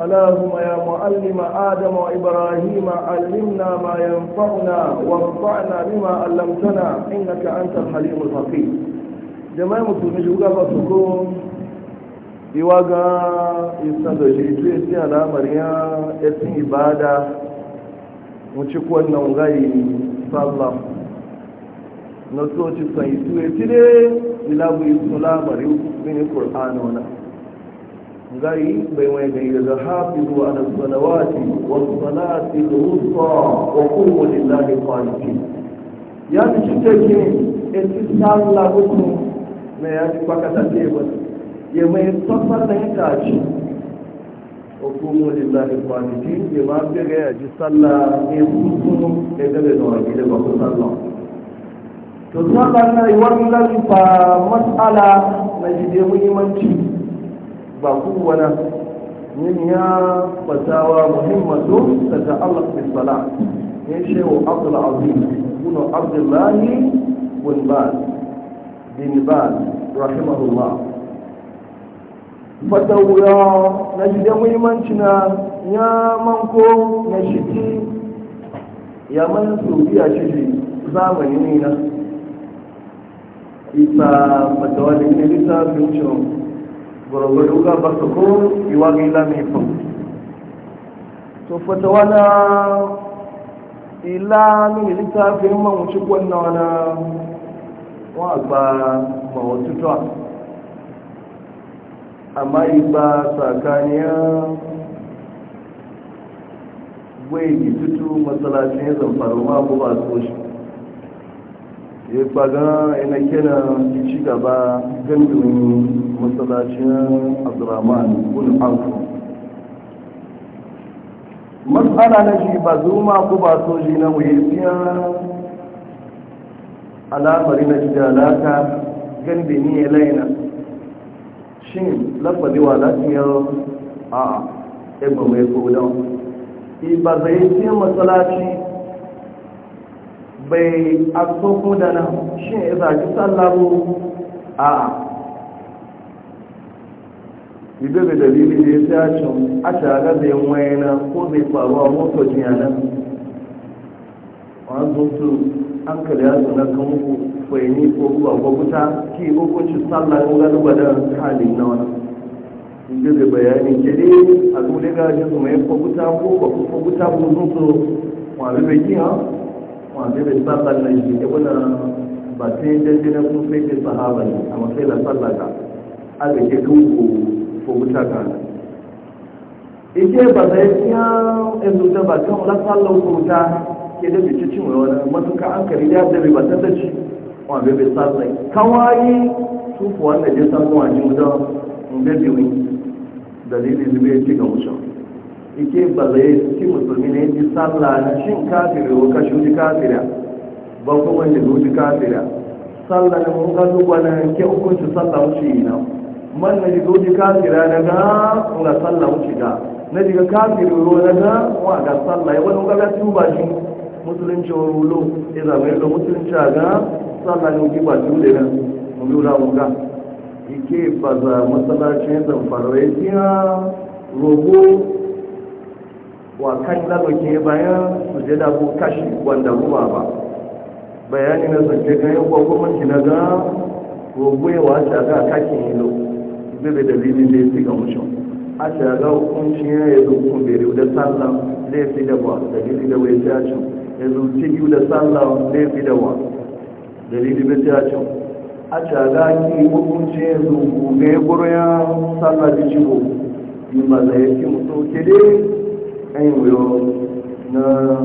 اللهم يا معلم آدم وإبراهيم علمنا ما ينفعنا وانفعنا بما علمتنا إنك أنت الحليم ya etin ibada wuce gari bai mai gari da zahafi zuwa da salawati wasu salati da rufa wa kuma lillahi kwanaki ya fi cutar ki ne a cikin samun labarin na ya fi fakata teban ya mai tsaffar da ya tashi wa kuma lillahi kwanaki ya ma fi ga ya ji sallah ne hutu ya gaba da da bakon sallah to sallah na yi wani lalifa ba kowane yin ya fatawa muhimmatu ta ta'allaf bin sala ya shehu abdul azim Abdul abdullahi bin baz bin baz rahimahullah fatawa na da muhimmanci na ya manko na shiki ya man su biya shi zamani ne na isa fatawa da ke lissafin cewa gwargwado ga ba su ko iwa ga ila mai fau to fata wana ila mini littafin man wuce kwanna wana wa ba mawatutuwa amma ba tsakaniyar wai yi tutu matsalacin ya zamfara ma ko ba so shi ya faga ina kira ci gaba gandun masallacin abdurrahman bin auf matsala na shi ba zuma ko ba soji na muhimmiyar alamari na shi da alaka gande ni ya laina shin lafadi wa lafiyar a ebe mai kodon ba zai ce matsalaci bai aso kodana shin ya zaki sallabu a ibe bai dalili da ya tashin a shaga zai wayana ko zai faru a motar jiyana wani zuntu an kada ya zuna kan ku fahimi ko kuwa ko kuta ki hukunci sallah ko gani gwada na wani ibe bai bayani ke dai a dole ga ji su mai ko kuta ko ba ku ko kuta ko zuntu wani bai wani bai sallah na shi ya wani ba sai dandana kun sai ke sahaba ne a matsayin fòmútàgàlà ike ba zai fiya yanzu da ba kan wani tsallon kuta ke da bi cikin wani matuka an kari ya da ba ta dace wa bai bai sai kawai tufu wanda ya samu wani da in bai biyu dalilin da bai ci ga wucin ike ba zai ci musulmi ne ji sallah na cin kafiri wa kashi wani kafira ba kuma da wuji kafira sallah ne mun duk wani ke hukunci sallah wuce yi na man na jigo ji kafira na ga ga sallah wuce ga na jiga kafiri ruwa na ga wa ga sallah wani ga ga ba shi musulunci wa rulo ya zama yadda musulunci a ga sallah ne wuce ba tuba na mu bi wula wuga ike ba za masalacin zamfara ya tiya rogo wa kan lalake bayan su je da ko kashi wanda ruwa ba bayani na zance ga yau gwagwamanci na ga rogo ya wace ga kakin hilo bebe dalilin da ya fi ga mushin a shaga hukunci ya yi zukun bere da sallah laifi da wa dalili da wai ci ya zuci biyu da sallah laifi da wa dalili da ci a shaga ki hukunci ya zuku ga ya guru ya sallah da ci cibo yi ba da ya ki mutu ke dai an yi wuyo na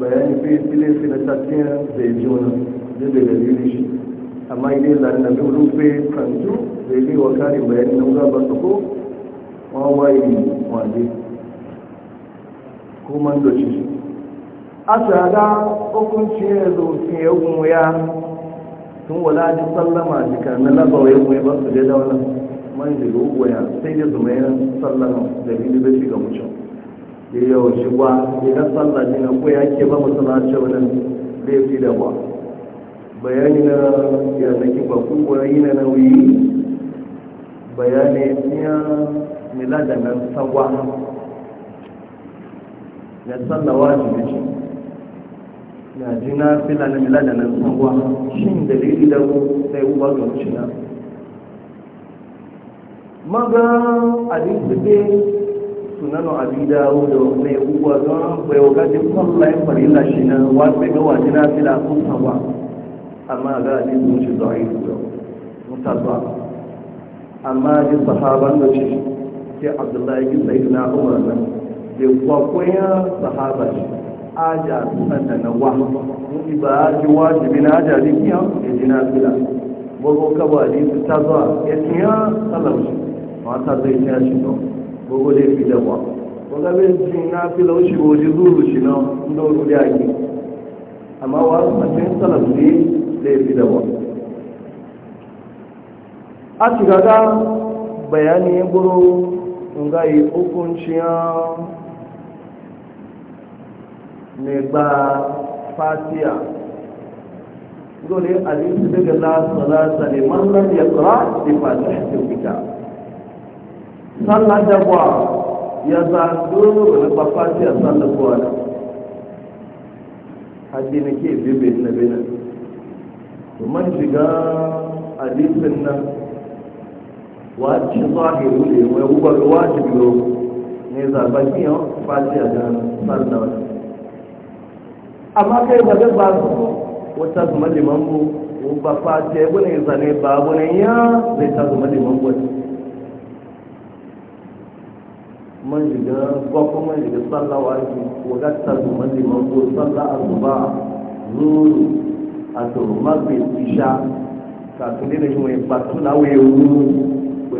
bayani fi laifi da tafiya zai ji wani da dalilin shi amma ile zanna mi rufe kanju zai yi wa kare bayani na wuga ba su ko wawaye waje ko man doci shi a tsada hukunci ya zo fi ya gunya sun wala ji sallama jika na labawa ya gunya ba su je da wani man jiga ya sai ya zuma ya sallama da bi da shiga mucin ya yau shi ba idan sallah ne na gunya ke ba masalacin ya fi da ba bayani na yanaki baku bayani na nauyi bayani ya mila da nan sagwa ya sallawa da shi na ji na fila na mila da nan sagwa shin dalili da ku sai uba ga wucina maga abin su dai sunanu abin dawo da mai uba don bai wakati kwallon farilla shi na wasu ga wajina fila kun sagwa amma ga hadisin shi zai da mutasa amma ji sahaban da shi ke abdullahi bin sayyid na umar nan da kwakwaya sahaba shi aja sanda na wa mun ba ji wajibi na aja dikiya ya ji na fila gbogbo ka ba ni su ta zuwa ya tiya salam shi mata zai tiya shi no gogo dai fi da wa gogo bai ji na fila shi wajen zuru shi no ndo ruri ake amma wa mutum salam ne ɗaya da wa a ci ga bayani ya buru nga yi hukunciyar mai ba fatiya dole alisu daga lasalasa tsari mallar ya tsara da fatiya ke fita sannan da ba ya za dole ba fatiya sannan kowa na hajji na ke bibin na benin man shiga hadisin nan wace zahiru ne wai ubar wajibi yau ne zaben yau fashi a jan sanda wani amma kai ba zai ba su wata zuma liman mu ba fashi ya zane ba gune ya zai ta zuma liman wani man shiga gwakwa man shiga sanda wani wadatta zuma liman ko sanda zuba zuru àtò mágbè ìṣá kàtúndé lè wọ ìpàtó láwọn ewu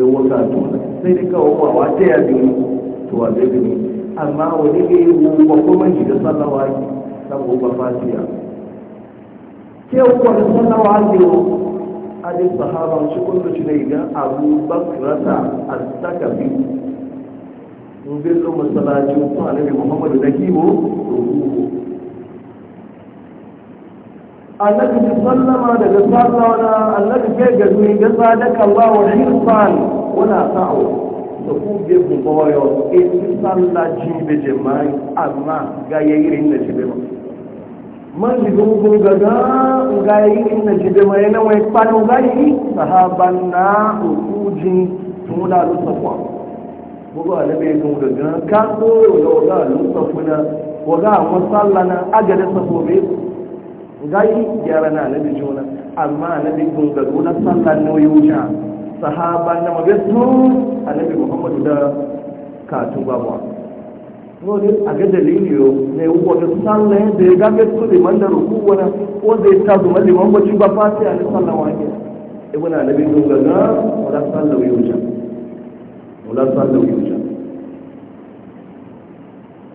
ewu kàtó sẹ́ni ká owó àwọn adé àdéhùn tó wà bẹ́ẹ̀ ni àmọ́ onígbé ewu ọkọ̀ méjì ló sálá wá yìí sábà ó bàbá sí à. kí ó kọ́ ló sálá wá yìí o adé sahara ń ṣokó lóṣù náà ìgbà àbú bákìrátà annabi sallama daga sallawa annabi kai ga zuwa ga sadaka Allah wa hirsan ga yayi ga ga ga yayi inda ci be mai na wai panu ga yi sahaban na ukujin gayi gyara na nabi juna amma nabi kun gado na sallan noyi wuce sahaba na magasu a nabi muhammadu da katun babuwa wani a ga dalili yo ne wata sallan da ya gafe su liman da ruku wani ko da ya tazo maliman bacci ba fati a na sallan wani ibina nabi kun gado wala sallan wuce wala sallan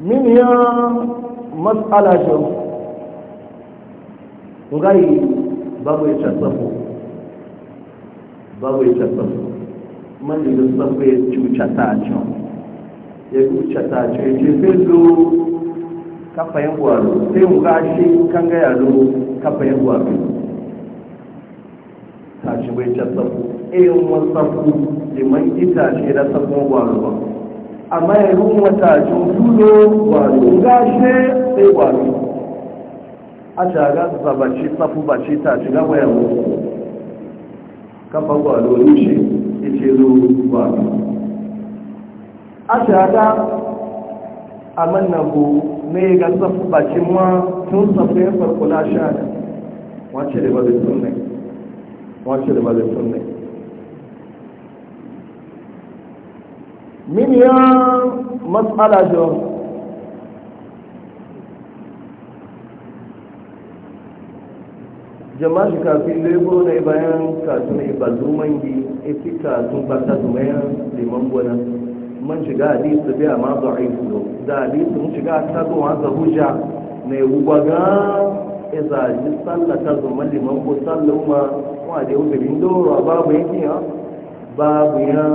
min ya matsala shi ngai babu ya casafo babu ya casafo mani da safo ya cuca ta can ya cuca ta can ya ce fezo kafa yan gwaro sai mu gashi kan gaya lo kafa yan gwaro ta ci bai casafo ayin wasafu liman ita ce da safon gwaro ba amma ya rumu wata cin tulo gwaro gashe sai gwaro a shaga su sabaci safu baci ta shiga wayan kafa gwado rushe ya ce zo gwado a shaga a mannabu ne ga safu baci ma tun safu ya farko na sha da wace da bazai sunne wace da bazai sunne min ya matsala jo jama'a shi kafin lebo na bayan kasu na yi a fita sun bata su mayan liman gona man shiga hadisu biya ma ba a yi da hadisu mun shiga ta zo wa za hujja na yi gwaga iza ji sallata zuma liman ko kuma kuma da yau gari doro babu yake ya babu ya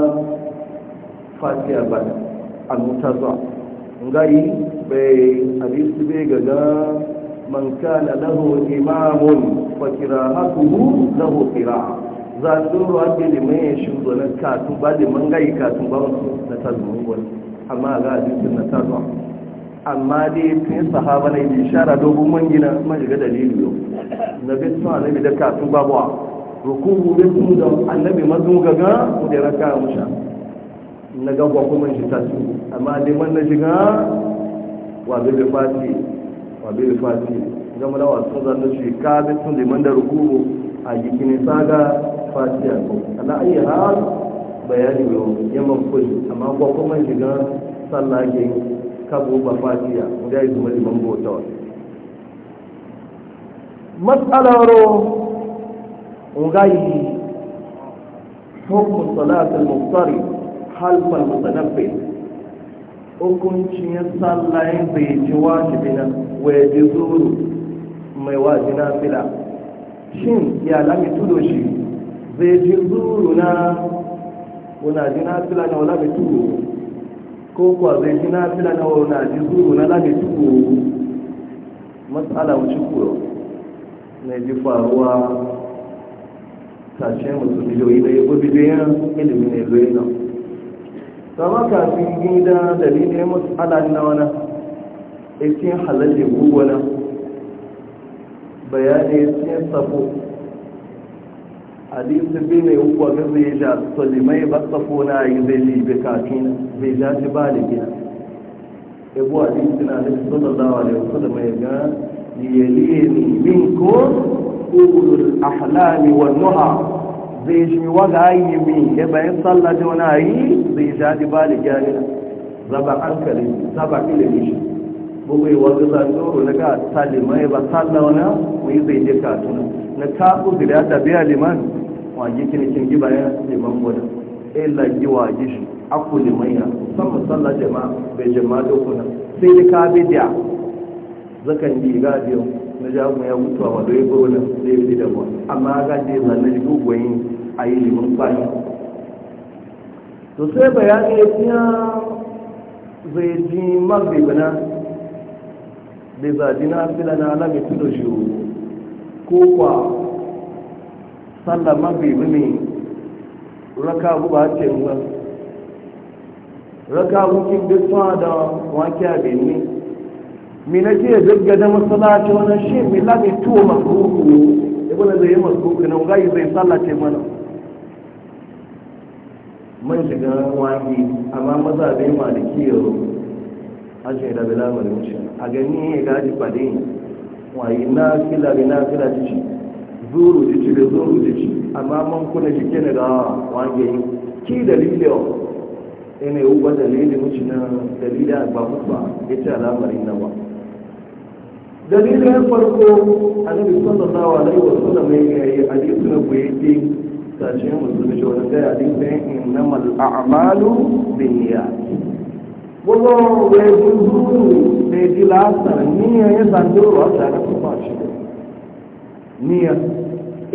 fatiya ba a zuwa ngari bai hadisu bai gaga man kana lahu imamun wa qira'atuhu lahu qira'a za duro ke da mai shi zonar katun ba da man gai katun ba na tazumin wani amma ga jikin na tazuwa amma dai tun sahaba na yi shara dogon man gina majiga dalilu yau na bai suna annabi da katun ba ba rukuhu bai sun da annabi mazun gaga ku da raka musha na ga gwa kuma shi tasu amma dai man na shiga wa fati wa bi bi fati gama da wasu zanen shi ka bi sun liman da rukuku a jikin ga fatiya ko ala ayi har bayani yau yamman kuyi amma ko kuma shiga sallah kabo ba fatiya guda yi zuma liman bota matsalaro ungayi hukun salat al-muftari half mutanabbi hukuncin sallah yin bai ji wajibi na wajibi zuru mai waji na fila shin ya lami tudo shi zai ji zuru na wuna ji na fila na wula mai tudo ko kuwa zai ji na fila na wuna ji zuru na lami tudo matsala wuce kuro na ji faruwa sashe musu miliyoyi da yabo biliyan ilimin ne zai nan sama kafin gida dalilin matsala na wana ikin da gugu na bayani cikin safo hadisi bi mai hukwa ga zai ja solimai ba tsafo na yi zai libe kafin zai ja shi ba da gina ebu hadisi na nufi sallallahu alaihi da mai ga ne min ko ulul ahlami wa nuha zai shi waga yi mi ya bayan sallah wani ayi zai ja shi ba da gina zaba hankali zaba ilimin shi gbogbo ìwọ́dún sàtòrò na ká tàlìmọ́ ẹba tàlàwọ́nà wọ́n zai je kàtúnà na ká òbìrì àtàbí àlìmán wọ́n jí kìnnìkìn gíba yẹn lèman gbọ́dá ẹ̀là e jí wà jí shi akú lèman yà sọ́mù sọ́lá jama'a, bai jama'a dókuna sai da ká bi da zakan ji ga na ja mu ya mutuwa wa doye gona zai fi da wani amma ga je zanne ji gugwayin a yi liman kwani to sai bayani ya fiya zai ji bana. da zaɗi na fila na tun da shi ko kwa sallama bai mini raka abu ba ce ruwan raka bi bisuwa da wake abin ne mi na ke gaggada masalaci wani shi mi lami tuwo masuku ibn zai yi masuku na ugayi zai sallace mana man shiga wani amma maza bai maliki yau ajiyar da bilamar wuce a gani ya gaji wa wayi na fila da na fila jiki zuru jiki da zuru jiki amma man kuna jike ne ga wange yi ki dalilin ina yi uba dalilin mutu na ba agba ba ya ce al'amarin na ba dalilin farko annabi sallallahu alaihi wasallam ya yi hadisi na buye sashen musulmi shi wani sai hadisi na mal'amalu bin niyya gbogbo wee guzuru da ejila asara n'ihe onye za ndị ụlọ ọchara tụkwachiri n'ihe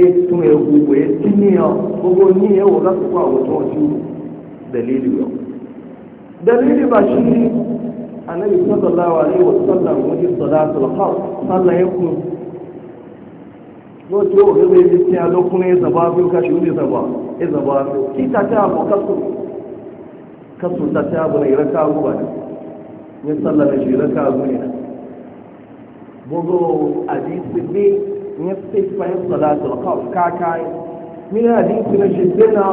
etu egwu wee tinye ya gbogbo n'ihe wụga tụkwa wụta ọchị dalili ya dalili ba shi annabi sallallahu alaihi wa sallam wani salatul khawf sallan ya ku lokacin da zai ji tiya lokacin ya zaba biyu kashi wani zaba ya zaba biyu kita ta abokan kasu ta ta abu ne raka ba ne ya sallah da shi raka abu ne bugu hadisi bi ya sifai salatul khawf kakai min hadisi na shi dina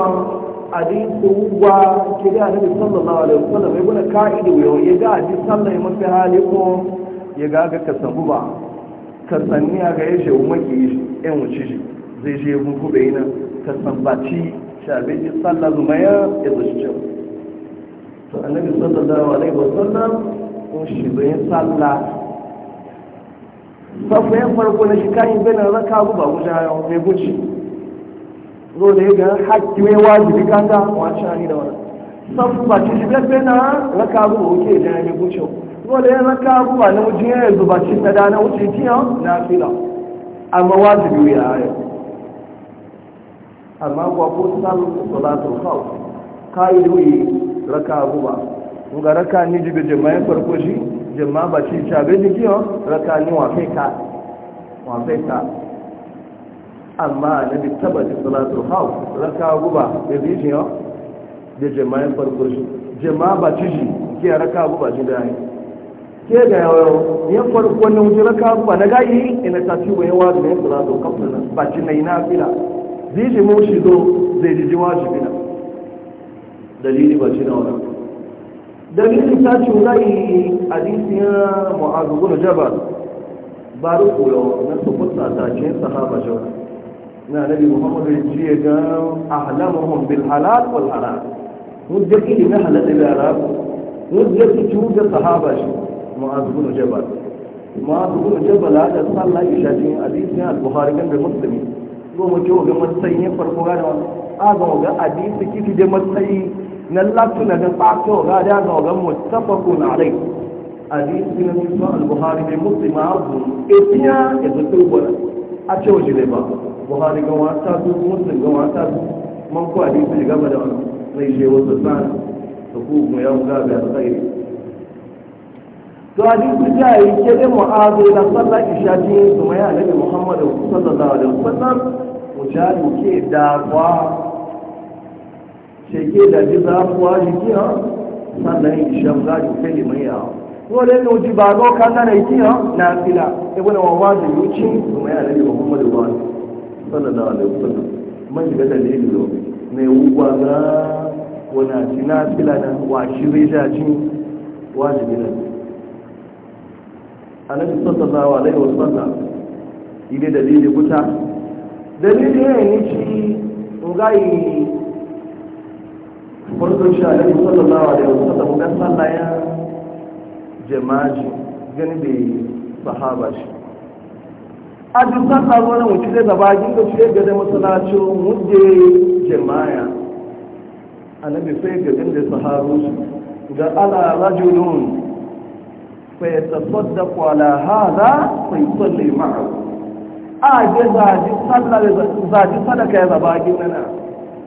hadisi wa da annabi sallallahu alaihi wasallam ya gona kaida wayo ya ga hadisi sallah ya mafi hali ko ya ga ga kasan guba kasanni ga yashe umaki yan wuce shi zai je mu gube ina kasan baci shabe sallah zumaya ya zuci to annabi sallallahu alaihi wasallam kun shirin sallah safa yan farko na shi kayan bai na raka guba guda yau mai guci zo da ya ga haƙƙi mai wajibi kanga wancan ni da wani safa ci shi bai na raka guba wuce da ya mai guci zo da ya raka guba na wuce ya zuba ci ta dana wuce tiya na kai yi raka guba ga raka ni jibe jama'in farko shi jama'a ba shi shabe ni kiyo raka ni wafe ka wafe ka amma na bi taba ji salatu hau raka guba ya zai shi yau da jama'in farko shi jama'a ba ci shi ke raka guba shi da ke da yawon ya farko na wuce raka guba na yi, ina ta ci wani wa da ya salatu kafin ba ci na yi na fila zai shi mu shi zo zai ji ji shi fila دليل بجنا ولا دليل إنسان شو ذا حديثنا معاذ بن جبل بارو قلوا نفسه قصة تاجين صحابة جوا نا نبي محمد الجيه قال أعلمهم بالحلال والحرام نجدك إلى نحلة العرب نجدك صحابة جوا معاذ بن جبل معاذ بن جبل هذا صلى الله عليه وسلم حديثنا البخاري كان بمسلمين وہ جو جو مت صحیح ہے پر ہوگا آ جاؤں na latu na da fato ga da ga ga e e a alai hadisi na sunan al buhari mai muslim abu etiya ya zuwa wani. a cewa shi ba Buhari, ga wata su muslim ga wata su man ko hadisi ga ba da wannan sai je wasu sana su ku mu yau ga ga sai to hadisi ta yi ke da mu'azu da sallah isha ji su mai annabi muhammad sallallahu alaihi wasallam mujahid ke da kwa shege da ji za mu wa jiki ha sannan yi shan za ji fili mai ya wale ne wuce ba go kan na yi ha na fila ibn wawa da yuci kuma ya nabi da ba sallallahu alaihi wasallam man shiga dalili zo ne wuwa ga wani ci na fila na wa shi rija ci wajibi ne annabi sallallahu alaihi wasallam ile dalili kuta dalili Dalilin ni ci ngai farko shi alaihi sallallahu alaihi wasallam dan sallah ya jama'i gani da sahaba shi a duk sallah wani wuce da gaba da shi ga da masallacin mudde jama'a annabi sai ga gin da shi. ga ala rajulun fa yatasaddaqu ala hadha fa yusalli ma'ahu a ga zaji sallah zaji sadaka ya zaba gin nan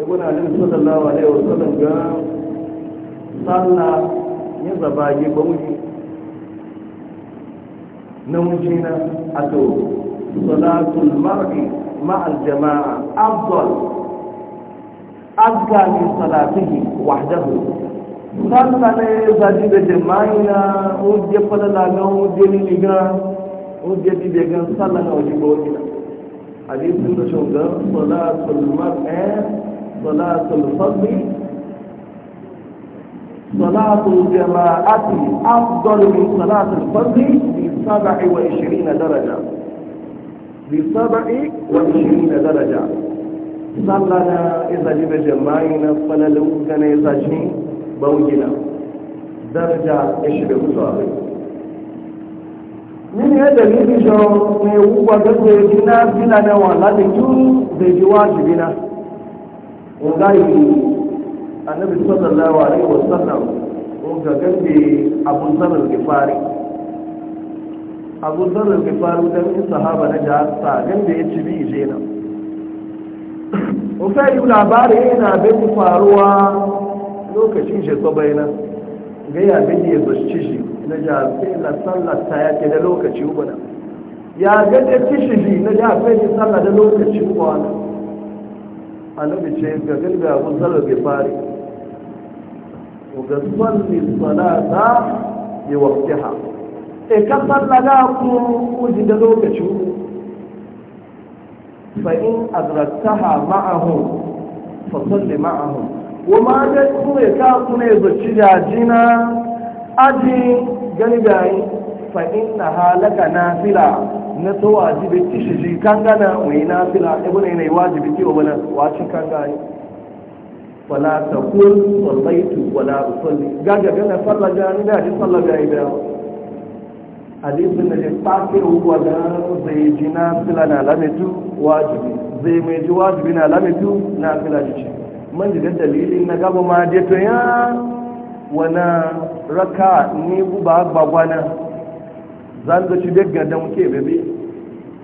ibn ali sallallahu alaihi wasallam ga sallah ya zabage ba mu na mujina ato salatul mar'i ma'al jama'a afdal afdal min salatihi wahdahu sanda ne zaji da jama'i na hujje falala na hujje liliga hujje dibegan sallah na hujje bautina hadisin da shugaban salatul mar'i صلاة الفضل صلاة الجماعة أفضل من صلاة الفضل بسبع وعشرين درجة بسبع وعشرين درجة صلنا إذا جب جماعنا فللوكنا إذا جين بوجنا درجة عشرين صالح من هذا الذي جاء من هو بقى يجينا بلا نوالا لكن بجواجبنا ungayi annabi sallallahu alaihi wasallam unga gambe abu zarar gifari abu zarar gifari don yi sahaba na jasa gambe ya ci bi je nan ungayi labari yana bin faruwa lokacin shi sabai nan gaya bin ya zuci shi na jasa na sallata ya ke da lokaci ubana ya gada ci shi na jasa ya sallah da lokacin ubana annabi ce ga galga abun zarar bai fari ga salli salata ya ha. e eh, ka sallaga ku uji da lokaci fa in ha ma'ahu fa salli ma'ahu wa ma da ku e ka ne ya zaci jina aji gani gayi fa inna halaka nafila na to wajibi tishi shi kangana mai nafila ibn yana wajibi ki wala waci kangani wala taqul sallaitu wala usalli gaga gana sallah gani da ji sallah ga ida hadisin da ya fi ruwa da zai ji nafila na lamitu wajibi zai mai ji wajibi na lamitu nafila ji ce man ji dalilin na gaba ma dai to ya wana raka ni guba gbagwana zango ci begga da mu ke bi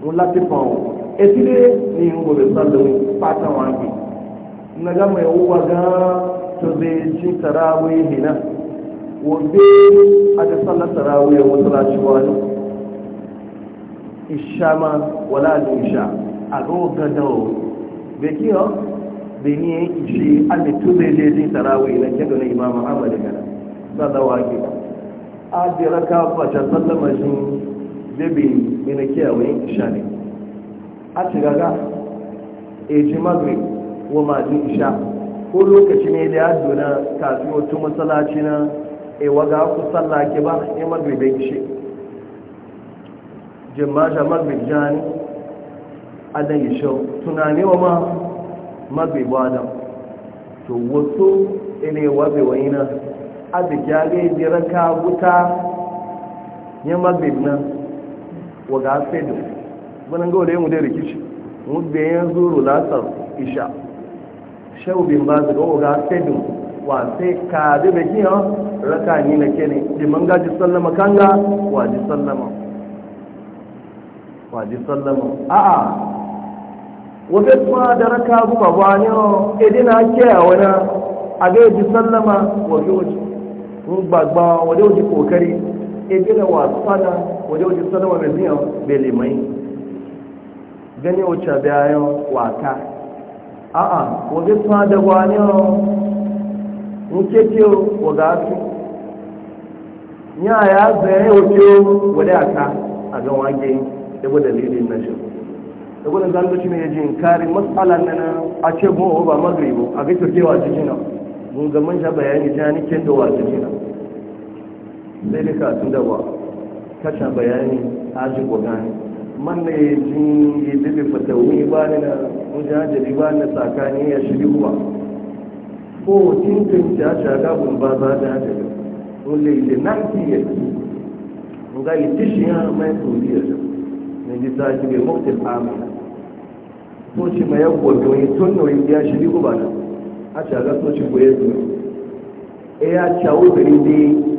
mun lati fa e ti de ni ngo be sallo mu pata wangi na ga mai uwa ga to be ci tarawih hina wo be a da sallar tarawih mu salati wani ishama wala du isha a go ga da be ki ho be ni e ji a de to be de tarawih na ke do na imam ahmad ga da da wangi adira raka fata sallama shi bebe mina kiyawa yin isha ne a cigaga eji magri wa majin isha ko lokaci ne da ya na kafin wata matsalaci na ewa waga ku ke ba e ya magri bai ishe jimmaja magri jan a da tunani wa ma magri ba to wasu ilewa bai wani na abigya ga yi raka wuta ya magbib nan wa ga fedo wani ga wale mu rikici mudda ya zuru latar isha shau bin ba su ga wa ga fedo wa sai ka bi bai kiyan raka ni na kene man ga ji sallama kanga wa ji sallama wa ji sallama a'a wadda kuma da raka guba ba ne edina kiyawa wani a ga ji sallama wa ji wajen gbagba wadda wajen kokari e gina wasana wadda wajen sanarwa mai biyan belimai gani wacce bayan wata a'a wajen suna da wani nkeke waga su ya ya zai wajen wadda aka a gan wage yabo dalilin na shi da gudun zanduci ne ya ji kari matsalan nan a ce gowa ba magribo a ga turkewa cikin nan mun ga manja bayani ta nikin da wa cikin sai ka kasu da ba kasha bayani aji gogani man ne jin yi fata wuni ba ni na mujajiri ba na tsakani ya shiri kuwa ko tintin ta shaga gun ba za ta haɗe da wule ile nan ki ya ci ga yi tishin ya mai tsoriya da na ji ta shi bai mafi amina ko shi mai yawon doyi tun noyi ya shiri kuwa na a shaga so shi goye zuwa e ya cawo birin dai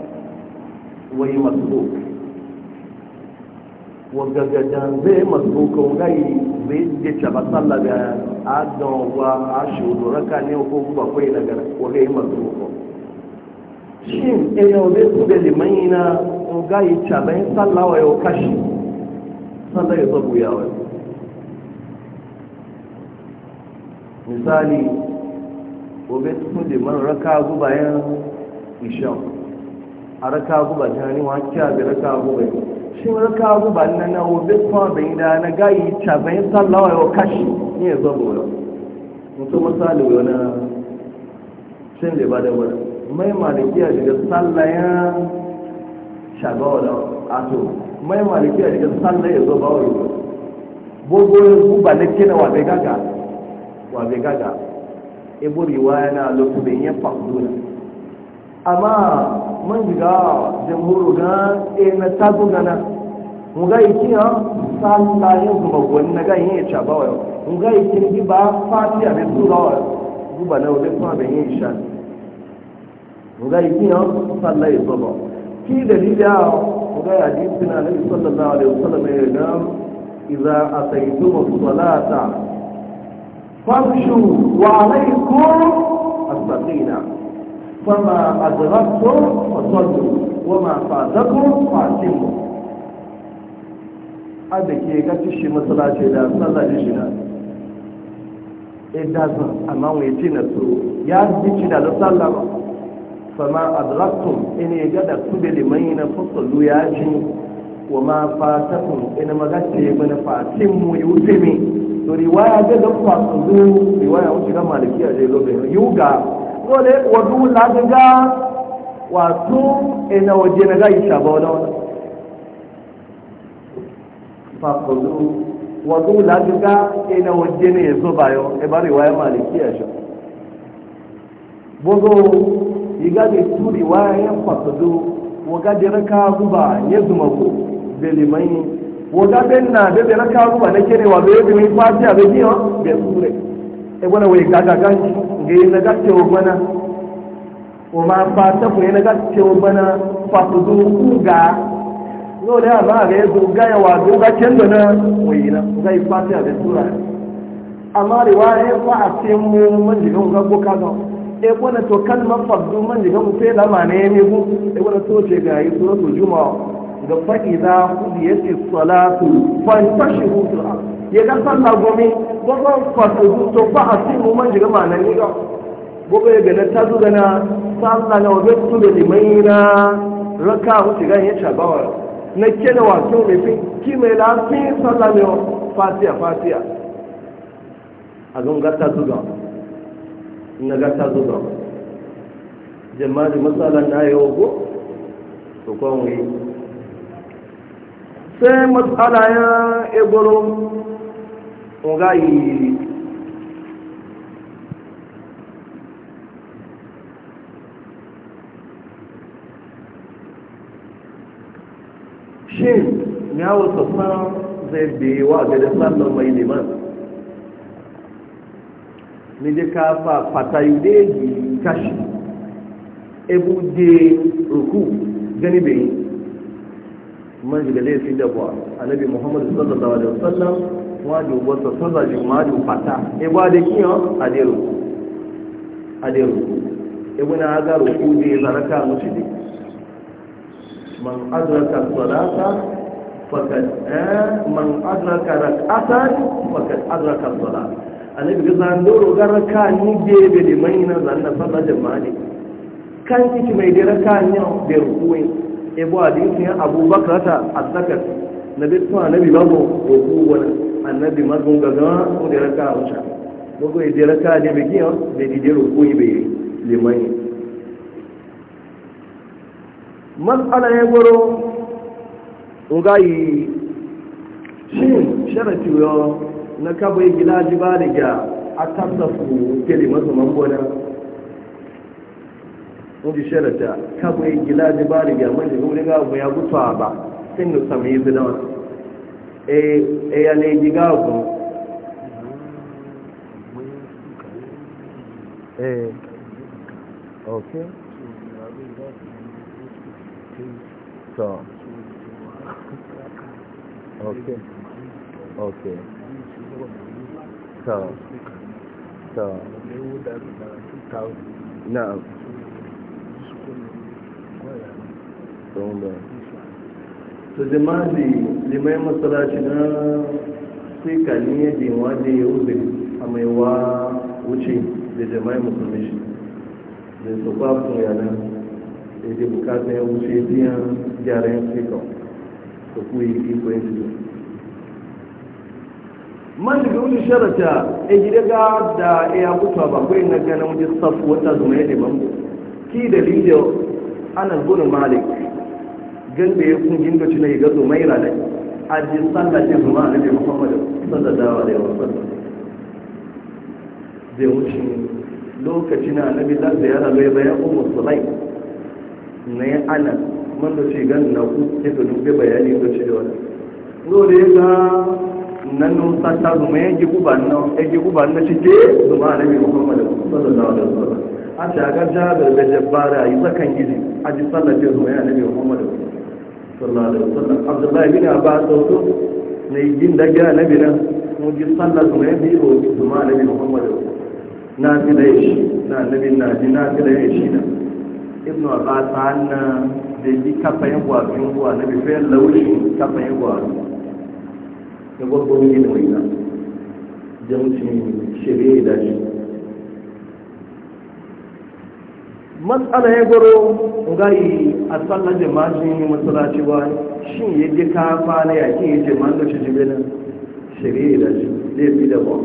wai masbuk wagagadan zai masbukan gai zai je caba sallah da adon wa a shudu raka ne ko ba kai daga wagai masbukan na e gai caba yin sallah wa kashi sallah ya zabu misali a raka guba jani wa kya da raka guba shi raka guba na na obe kuma bai da na gayi ta bai sallawa yau kashi ne ya zama yau mutu misali yau na cin da ba da wani mai malikiya daga sallaya shagawa da ato mai malikiya daga sallaya ya zama yau gbogbo guba na kina wa bai gaga wa bai gaga ibu riwaya na lokacin yin fa'uduna amma man diga jamhuru na e na tagu gana mu ga iki ha san la yin kuma gwan na ga yin e cha ba wayo mu ga iki bi ba fati a be sura wa guba na ole fa be yin sha e mu ga iki ha san la yin ba ki dalili ha mu ga hadisi na nabi sallallahu alaihi wasallam ya e ga idza ataytum as-salata famshu wa alaykum as فما أدركتم فصلوا وما فاتكم فاتموا ada كي ga tishi masalace da sallah da shida it doesn't amma wai tina so ya tishi da sallah ba fama adraktum ine ga da su da limai na fasallu ya riwaya ga da fasallu riwaya wuce ga malikiya dai lobe yuga ngole wadu lagaga watu ina wajenaga ishabona fakulu wadu lagaga ina wajene yezobayo ebari waya malikia sho bogo igade turi waya fakulu wagade raka guba yezuma ku belimai wagade na bebe raka guba na kerewa bebe yayi yana gacewa bana wa ma fa fata ku yana gacewa bana fa ku zo ku ga no da ba ga yazo ga ya wa zo ga da na wai wayina ga ta da sura amma da riwaya fa a asimu man jigan ga ko ga e kona to kan fa mun ji ga mu sai da ma ne mi ku e kona to ce ga yi suratul juma'a ga fa'iza qudiyati salatu fa fashihu fil ardh ya ga sallah gomi gogon fasu to ba a sin mu man jiga manan ni ga gogo ya ga na tazu ga na sallah na wabe su da limai na raka mu shiga ya shabawa na kene wa to me fi ki me la fi sallah ne fatiha fatiha a gon ga tazu ga na ga tazu ga jama'a masalan na yau go to kon wi sai matsala ya egoro ungayi shin ya wasa san zai bewa ga da sannan mai liman ni je ka fa fatayu de gi kashi ebu de ruku gani bai man ji da laifin da ba annabi muhammad wọ́n di ògbọ́ sọ̀tọ́ ìzàjì máa di pàtà ebó adékíyàn adéròkú adéròkú ebó náà agárò kú di ìzàràká àmúṣìdì man adraka sọ̀dáta fakat ẹ́ man adraka rakata fakat adraka sọ̀dáta annabi ga zan doro ga raka ni bebe da mai na zan na fara jama'a ne kan ciki mai da raka ni da rukuwin ebo hadisin abubakar ta asakar na bitu annabi babu rukuwa annabi magun gaga ko da raka a wuce bugu ya je raka ne bai giya da dide roƙo yi bai limani matsala ya gwaro nga yi shin sharafi yo na kaba yi gilaji ba da ga a tattafu kelimatu mambona wani sharata kaba yi gilaji ba da ga mai da wuri ga abu ya gutu ba sai nusa mai yi zidawa ẹ̀yà lè jígá ọ̀gbọ̀n ọ̀kẹ́ to jama'i limai masalaci na sai ka niyya ya je wa ya a mai wa wuce da jama'i musulmi shi da su kwafin yana da ke bukatar ya wuce biyan gyaran sika da ku yi iko yin jiki man da wuce sharata a gida da ya kuta ba na ganin wajen safu wata zuma ya neman ki da lidiyo ana gudun malik ganda ya kun ginga cina ya gazo mai rana a ji sallace su ma annabi muhammadu da alaihi wasallam zai wuce lokacin annabi da ziyara bai bayan kuma sulai na ya ana man da ce gan na ku ke da dubbe bayani da ce da wani dole ga nan nun ta zuma ya ji guba nan ya ji guban na cike zuma annabi muhammadu da alaihi wasallam a shagar jihar da jabbara yi tsakan gizi a ji sallace zuma ya annabi muhammadu sallallahu alaihi wasallam abdullahi bin abbas wato ne yin da ga nabi nan mu ji sallar mu ne biyo kuma nabi muhammad na fi da shi na nabi na ji na fi da shi na ibnu abbas na da yi kafa yin gwa bin gwa nabi fa laushi kafa yin gwa ne gwagwon na matsala ya goro ngayi a tsallar jama'in ci ba shi ya ji ka fara yakin ya ce da shi jibe nan shari'a da shi zai fi da ba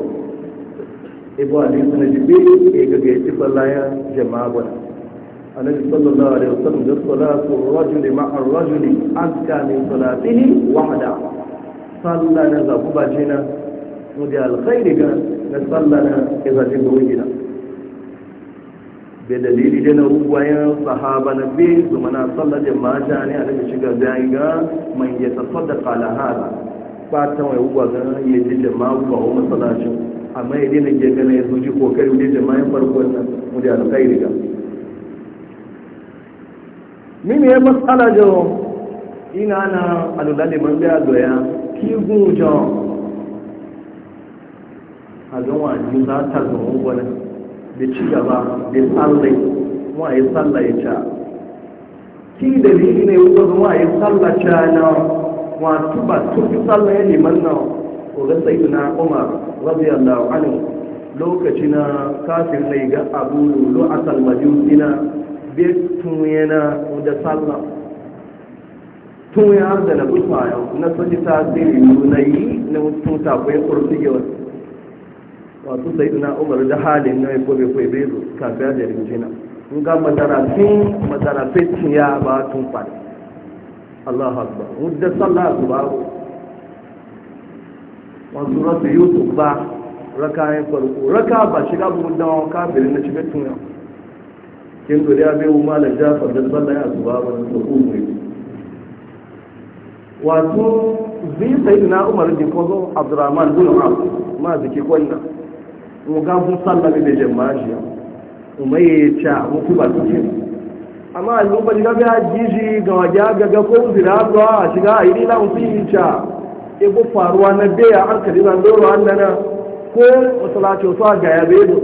ibu ali suna jibe ya gaga ya ci fallaya jama'a ba annabi sallallahu alaihi wasallam da salatu rajuli ma'a rajuli azka min salatihi wahda sallana zaku ba jina mu da alkhairi ga na sallana ya zaji gina da dalili da na ugwayen sahaba na bi su mana sallar jama'a ne a daga shiga zai ga mai ya tafar da kalahara ta wai ugwa ga ya ji jama'a ba wa masalacin amma ya dina ke gane ya ji kokari wajen jama'a farko nan wajen alkhairi ga mini ya matsala jo ina na alulali man da doya ki gun jo a ga ji za ta zama wani da ci gaba da tsalle kuma ya tsalla ya ca ki dalili ne ko kuma ya tsalla ca na wa tuba tufi tsalla ya liman na ko ga na umar radiyallahu anhu lokaci na kafin ne ga abu lulu asal majusina be tun yana da tsalla tun ya har da na busa yau na sojita zai yi na yi na mutum takwai kurfi yau wasu sai ina umar da halin na ko bai kwaye bezo kafin da rinjina in ga madara matarafin ya ba tun fadi Allah akbar mudda sallah su ba wasu rasu yusuf ba raka yin farko raka ba shiga bugun dawa kafirin na shiga tun yau kin dole ya bai umar da jafar da sallah ya su ba wani sarko mai wato zai sai na umar da kwazo abdurrahman bin ma zaki kwanna ga kun sallami da jamaji umaye cha muku ba su ce amma al'umma ban ga ga jiji ga waje ga ga ko zira ga a shiga a yi na musu yi cha e ko faruwa na beya an kadi na doro an nana ko masalacin sa a gaya bedo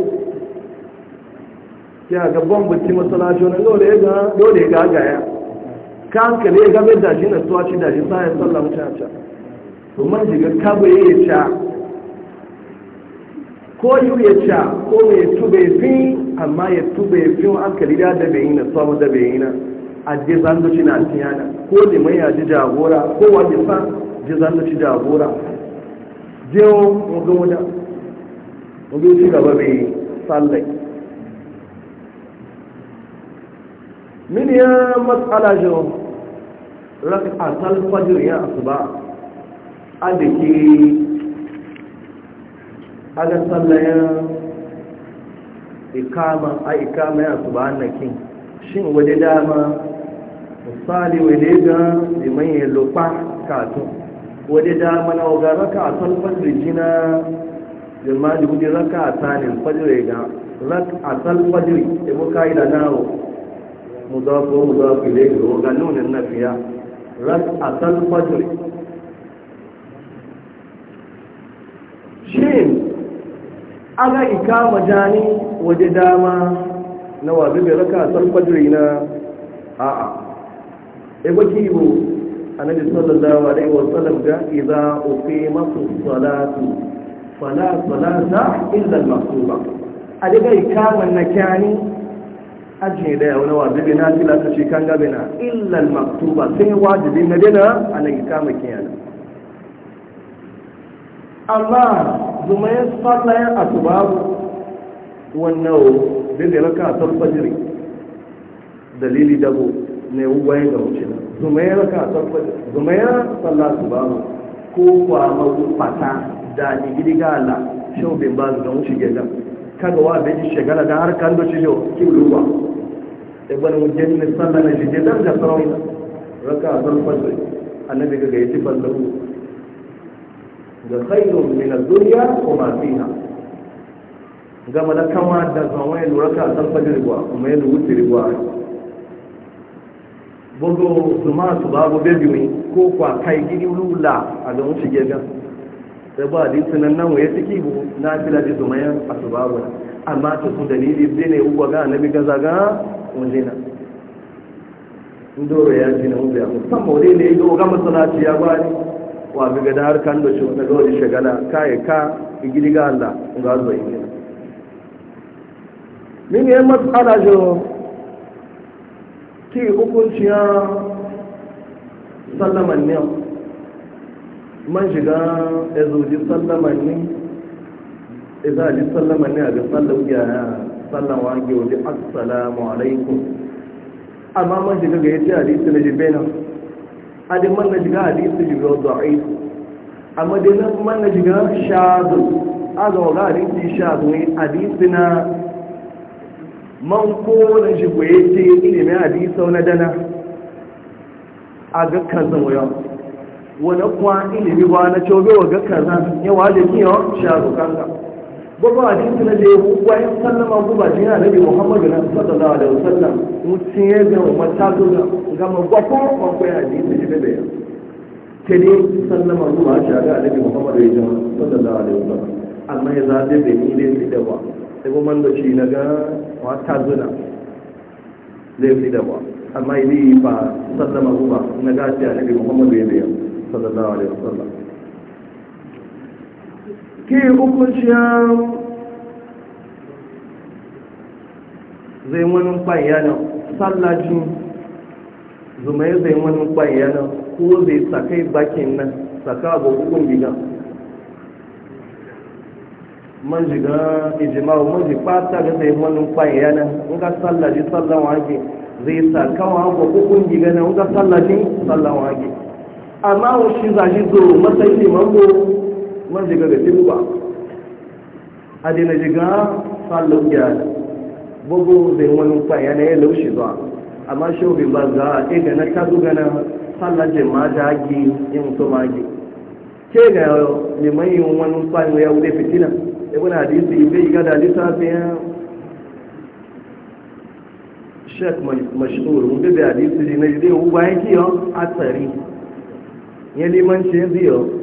ya ga a masalacin na dole ga dole ga ga ya kan kale ga bai daji na tuwa ci daji sa ya tsalla mutane cha to man jiga kabo ya ca. ko ya ca ko mai tube fi amma ya tube fi wa an kalida da bai yi na tsawon da bai yi na a je da shi na tiyana ko ne mai ya ji jagora ko wani sa je zan da shi jagora jiyo mu ga wada mu ga shi gaba bai tsallai min ya matsala jo a fajr ya asuba ke aga sallayan ikama a ikama ya su ba annakin shin wani dama misali wani ga liman ya lupa katun wani dama na waga raka a salfar rijina ma da gudu raka a tsanin fajire ga raka a salfajiri da muka yi da nawo mudafu mudafu ne ga waga nunin na fiya raka a salfajiri shin aga ika majani waje dama na wazi bai raka san fajiri na a'a e baki bo annabi sallallahu alaihi wasallam ga idza uqima salatu fala salata illa al-maktuba adiga ikama na kyani ajiye da yawon wajibi na tilasta shi kan gabe na illal maktuba sai wajibi na dina a na ikama kiyanin amma zuma ya tsalla ya asubabu wannan da da raka a tarfajiri dalili dabo ne ubayen ga wuce na zuma ya raka a tarfajiri zuma ya tsalla asubabu ko kwa magu fata da digiri ga ala shau bin ba zuwa wuce gega kaga wa bai ji shagala da har kan doce yau kiwuwa ibn e mujahid sallallahu alaihi wasallam da sarawina raka a tarfajiri annabi ga yi tifan da ga khairun min ad-dunya wa gama da kama da zawai lura ka san fajr kuma yana wuce gwa bogo zuma su babu bebiwi ko kwa kai lula a ga wuce gegan da ba di sunan nan waye bu na fila di zuma yan asubabu amma ta su dalili zai ne uwa ga annabi gaza ya ji na ubiya musamman wani ne ya ga masalaci ya wa bi da har kan da shi wata gawar shagala ka yi ka igiri ga Allah ga zuwa yi min yi matsala jo ki ya sallaman ne man shiga ya zoji sallaman ne idan ji sallaman ne a ga sallan wani assalamu alaikum amma man shiga ga ya ce hadisi na jibe adin man na jiga hadisi yiwu da'i a madinan man na jiga shadu aga waga hadisi shadu ne hadisi na man ko na ya ce ilimin hadisau na dana a ga kaza yau wani kuwa ilimi ba na cobe wa ga kaza yawa da kiyon shadu kanka gbogbo hadisi na da ya kuwa yin sallama guba jin annabi muhammadu na sallallahu alaihi wasallam mutum ya ga mata zo da gama gwakwa kwakwai hadisi ji bebe ta sallama guba shi ga annabi muhammadu ya jama sallallahu alaihi wasallam amma ya zaɓe bai ni dai fi da ba sai kuma da shi na ga mata zo da zai fi da ba amma yi ba sallama guba na gashi annabi muhammadu ya biya sallallahu alaihi wasallam ki hukunciyar zai wani bayyana sallacin zumai zai wani bayyana ko zai sakai bakin nan saka ba hukun gida man jiga ijimawa man ji fata ga zai wani bayyana in ka sallaci sallawa ake zai sakawa ba hukun gida na in ka sallaci sallawa ake amma shi zaji zo matsayi mambo man jiga ga tibu ba adina jiga sallon ya bugu zai wani kwaya na ya laushi ba amma shobin ba za a ɗiga na ta dugana sallar jima jagi yin su magi ke ga limayin wani kwaya ya wuce fitina yi hadisi yi gada da ya shek mashhur mun bebe hadisi ne zai hu bayan kiyo asari ya ce zai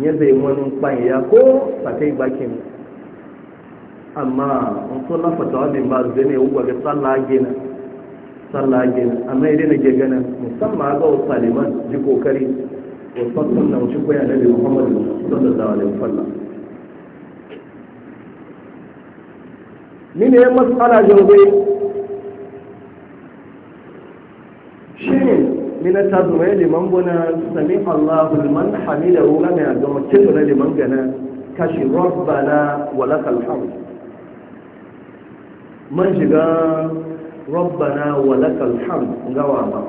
ya zai wani kwanya ko sakai bakin amma in na fatawa min ba zai ne wuwa ga tsalla gina tsalla gina amma idan dina gegana musamman ga wasu saliman ji kokari wasu sun na wuce koya na bi muhammadu sallallahu alaihi wasallam mini ya matsala jawabai mina ta zuma ya liman gona sami allahu liman hamida wula mai a cikin cin na liman gana kashi rabbana wa lakal hamd man shiga rabbana wa lakal hamd gawa ba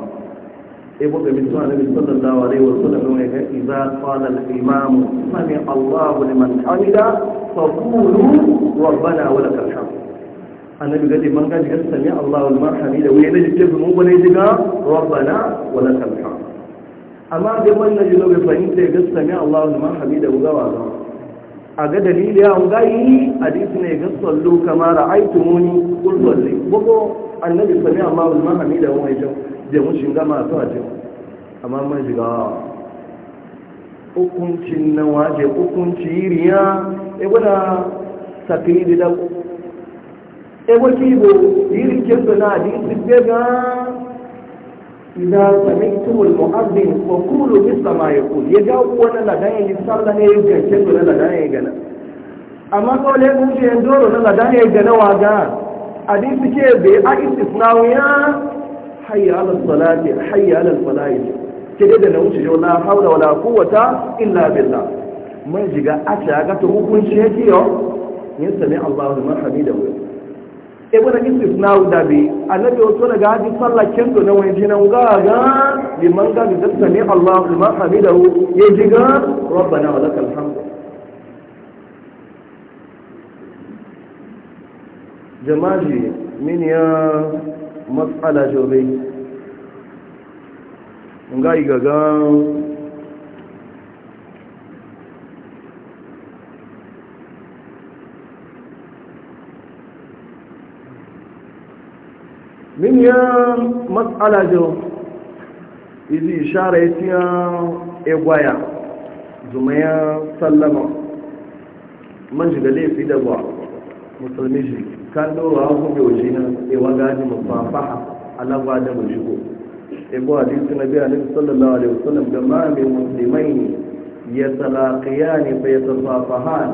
ebo ga mitu annabi sallallahu alaihi wasallam ne ga idza qala al imam sami allahu liman hamida fa qulu rabbana wa lakal hamd annabi gadi man gaji kan sami Allah al marhami da wani da ke mu bane diga rabbana wa lakal hamd amma da man na jino bai fahimta ga sami Allah al marhami da gawa ba a ga dalili ya an gayi hadisi ne ga sallu kama ra'aytumuni qul salli boko annabi sami Allahu al marhami da wani da da mun shiga gama to a jin amma man shiga hukuncin na waje hukunci riya e bana sakili da ewaki bo yiri kendo na di sibega ga sami'tum al-mu'adhdhin wa qulu mithla ma yaqul ya ga wani ladan yi sarla ne ga kendo na ladan yi gana amma ko le mu je ndoro na ladan yi gana wa ga adi suke be a wuya? hayya ala salati hayya ala salati kede da na wuce jona la hawla wala quwwata illa billah mai jiga a ta ga to hukunci yake yo yin sami Allahu liman E ibn istisna da bi annabi wato daga haji sallah kendo na wani jinan ga ga liman ga da sami Allah ma hamidahu ya ji ga rabbana wa lakal hamd jama'i min ya mas'ala jobe yi ga ga min ya matsala jo izi ishara ya tiya egwaya zuma ya sallama man shiga laifi da ba musulmi shi kan dorowa kuma yau shi na ewa gani mafafaha alagwa da mai shigo ebo hadisi na biya nabi sallallahu alaihi wasallam da ma min muslimain yatalaqiyan fa yatasafahan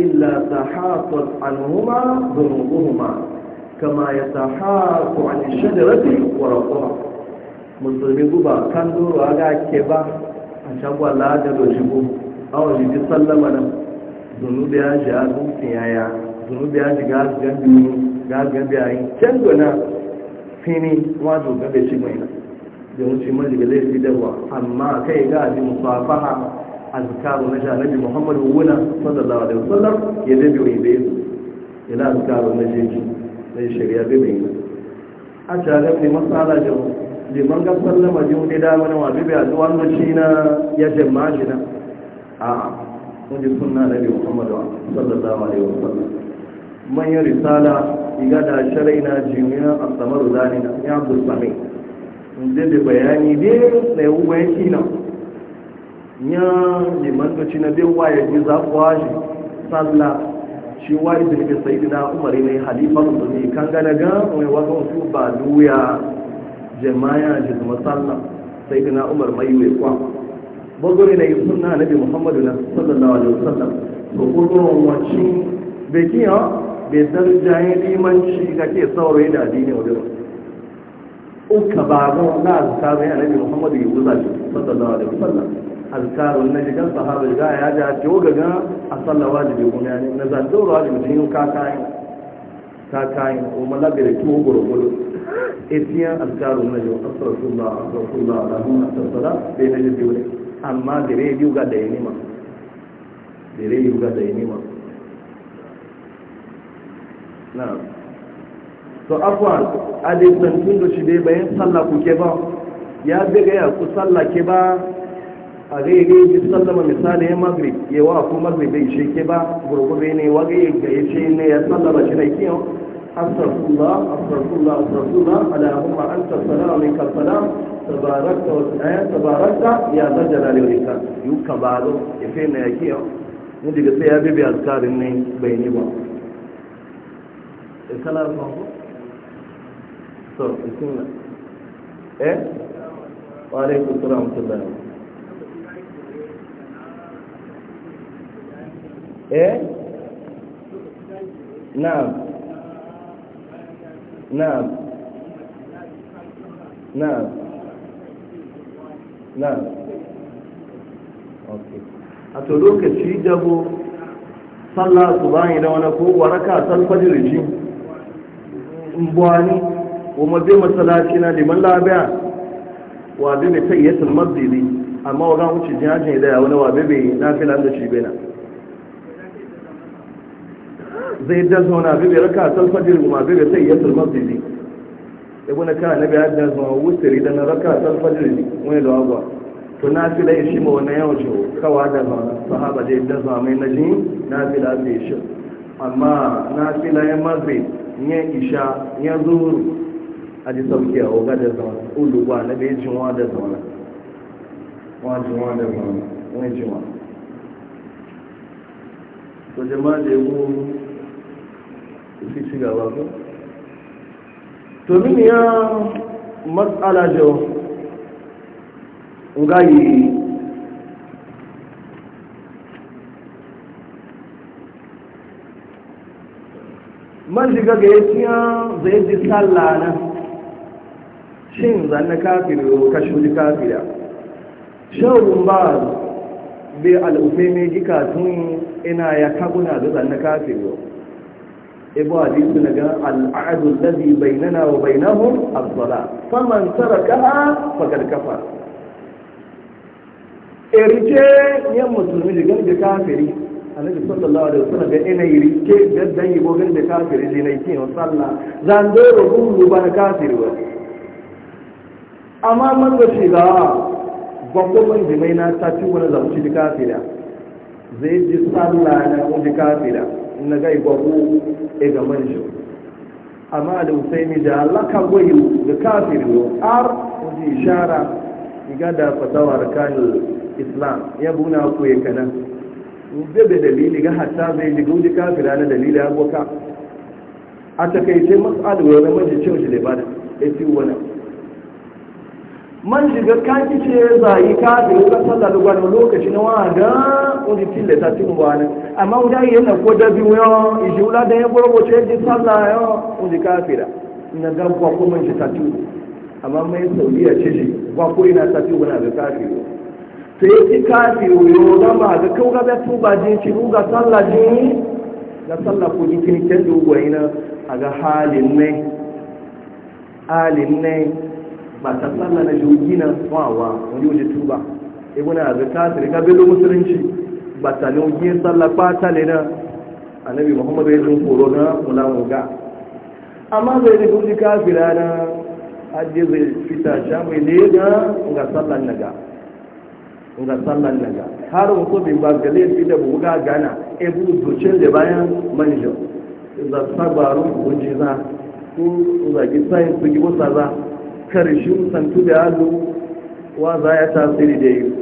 illa tahaqqat anhuma dhunubuhuma kama ya tahaku an shajarati wa rabbuha musulmi guba kan doro aga ke ba a shagwa la da do shigo awo ji sallama nan zunubi ya ji azun ya ji gasgan biyu gasgan biyayi can gona fini wato gabe shi mai nan da laifi da wa amma kai ga ji musafaha azkaru na sha nabi muhammadu wuna sallallahu alaihi wasallam ya dabe wa ibe ila azkaru na jeji zai shirya bibi na a shagar ne matsala jamu liman ga sallama ji wani dama na wabibi a zuwan da shi na ya jama shi na a wani suna na biyu muhammadu da yau wasallam manyan risala iga da sharai na jimiya a samaru zani na ya bulsami inda da bayani ne na yawon bayan shi ya liman da na biyu wa ya ji zafuwa shi sallar. shi wani da ke sai na umar ne halifan musulmi kan gane gan mai wasan su ba duya jama'a ji zama sallah sai na umar mai mai kwa bagore na yi sunna nabi muhammadu na sallallahu alaihi wasallam to ko don wacin beki ya Bai darja yi limanci ga ke saurayi da addini wajen uka ba zan na zaka bayan bi muhammadu ya wuza sallallahu alaihi wasallam azkarun na jigan sahabar ga ya ja ce ga ga a sallah wajibi kuma ya ne na zan dora wajibi ne ka kai ka kai o mala bere ki ogoro bolo etiya azkarun na yo a rasulullah a wasallam da ne da wuri amma bere yi ga da yini ma bere yi ga da yini ma na so afwan ade san tun do shi dai bayan sallah ku ke ba ya bega ya ku sallah ke ba a zai ne ji sallama misali ya magrib ya wa ko magrib bai shi ke ba gurgube ne wa ga ya ce ne ya sallama shi na kiyo astagfirullah astagfirullah astagfirullah anta salamu minka salam tabarakta wa ta'ala eh, tabarakta ya zajjala lilika yuka balo ne ya kiyo diga sai ya bibi ne bai ne ba so eh wa eh na'am na'am na'am na'am okay a to lokaci dabo sallah su bayan da wani ko waraka san fajr ji mbwani wa mabe masalaci na liman labiya wa bi mai tayyatul masjidi amma wa ga wuce jihajin da ya wani wa bebe na filan da shi na. zai da zauna bibi raka sal fajr ma bibi sai ya tul masjid ibn kana nabi hadda zuwa wutri da na raka sal fajr wani da wazo to na fi da shi ma wannan yau jo kawa da sahaba da da zuwa mai naji na fi da shi amma na fi la ya maghrib ne isha ya zuru aji ji sauki a oga da zauna ulu ba na bai jinwa da zauna wa jinwa da zauna wani jinwa to jama'a da ya gudu fi ci gaba ya matsala jo ngayi man shiga ga yaciya zai ji sallah na shin zanna kafiru kashe ji kafira shawun ba bi al'ufe mai gika tun ina ya kaguna da zanna kafiru ibu hadisi na ga al'adu bai nana wa bainahum as-sala faman tarakaha faqad kafar erike yan musulmi da ganin kafiri annabi sallallahu alaihi wasallam ga ina yirike da dan yibo ganin da kafiri ne nai kin sallah zan do rubu ba kafiri ba amma man da shi ba ba ko ban na ta ci wani zamuci da kafira zai ji sallah na kuji kafira na gai gwabu e ga manjo amma da usaimi da allaka gwayo ga kafiru har kuji ishara ga da fatawar kan islam ya buna ku ya kana bebe dalili ga hatta zai ji guji kafira na dalili aboka a takaice mas'alu na majicin shi da ba da ya fi wani man shiga kaki ce zayi ka da yau kasar da lugwani lokaci na wada wani fille ta tun wani amma wani yi yana ko da biyu yau iji wula da ya gwaro wace yake sallah yau wani kafira na ga kwa ko man shi ta tun amma mai saudiya ce shi kwa ko ina ta tun wani ga kafiru to ya ci kafiru yau da ma ga kau ga da tuba je ci ga sallah je ga sallah ko jikin kyan yi na a ga halin ne halin ne ba ta tsalla na jogi na wawa wani waje tuba ibu e, na ga ta tsirka bello musulunci ba ta jogi tsalla kwata ne na annabi muhammadu ya jin koro na mulamu ga amma zai da gudu kafira na hajji zai fita sha mai ne ga ga na ga ga tsallan na ga har wato bin ba gale fi da buga gana ebu zuciyar da bayan manjo za sabarun gujiza ko zagi sayin su gi wasa za karshen santu da halu wa za ya tasiri da yi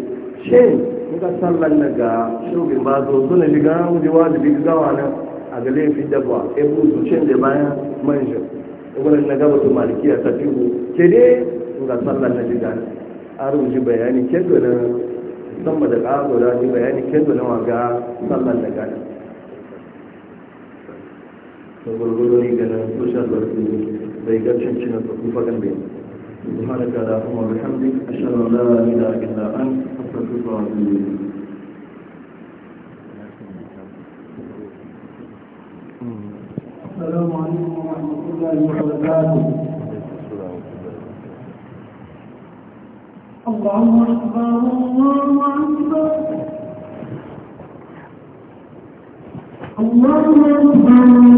shin muka sallan na ga shugin ba zo suna shiga wuce wajibi gawa nan a ga laifin dabba ya buzu cin da bayan manja wani na gaba su maliki a hu ke dai muka sallan na shiga a rubuci bayani kendo na musamman da ƙago da ji bayani kendo na waga sallan na gani ta gurgurori ganin social work bai ga cin cinan su kufa gan bayan سبحانك اللهم وبحمدك أشهد أن لا إله إلا أنت أستغفرك وأتوب إليك السلام عليكم ورحمة الله وبركاته الله أكبر الله أكبر الله أكبر